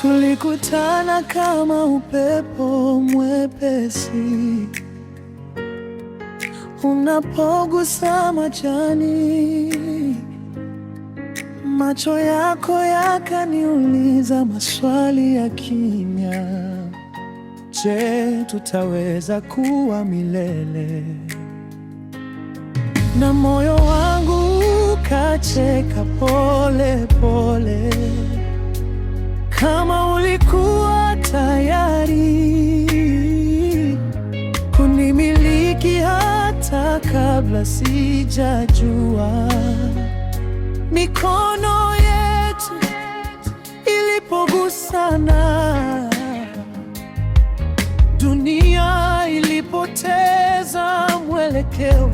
Tulikutana kama upepo mwepesi unapogusa majani, macho yako yakaniuliza maswali ya kimya. Je, tutaweza kuwa milele? Na moyo wangu ukacheka pole pole, kama ulikuwa tayari kunimiliki hata kabla sijajua. Mikono yetu ilipogusana mwelekeo,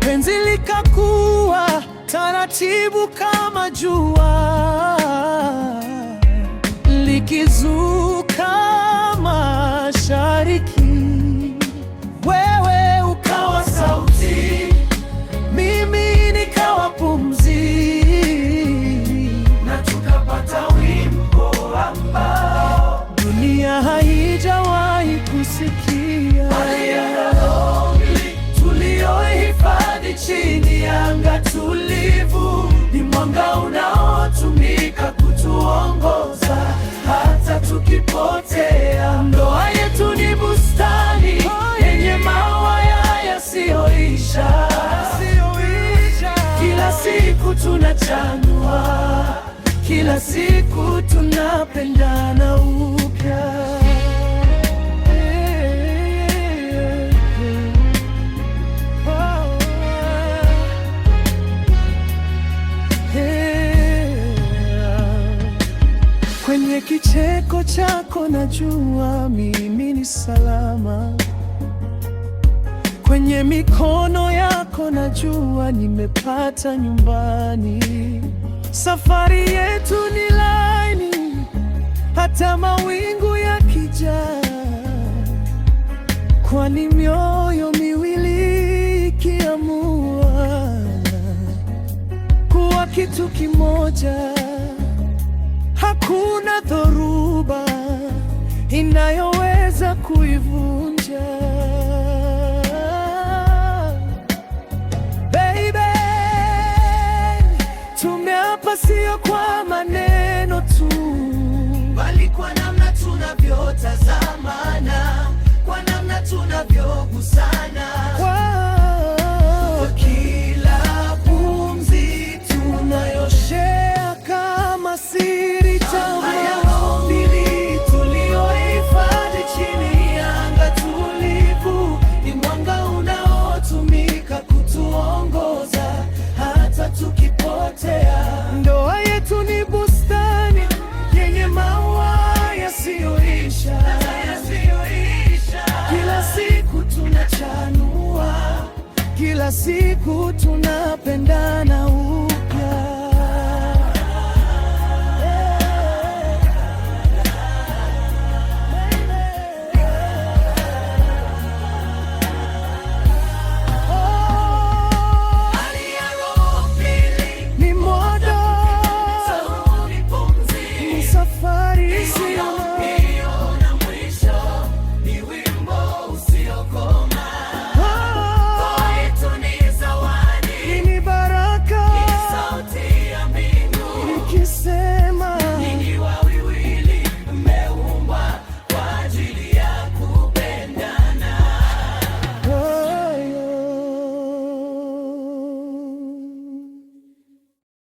penzi likakuwa taratibu kama jua likizu tunachanua kila siku tunapendana upya. Kwenye kicheko chako najua mimi ni salama. Kwenye mikono yako najua nimepata nyumbani. Safari yetu ni laini, hata mawingu ya kijaa kwani mioyo miwili ikiamua kuwa kitu kimoja, hakuna dhoruba inayo sio kwa maneno tu, bali kwa namna tunavyotazamana. siku tunapendana.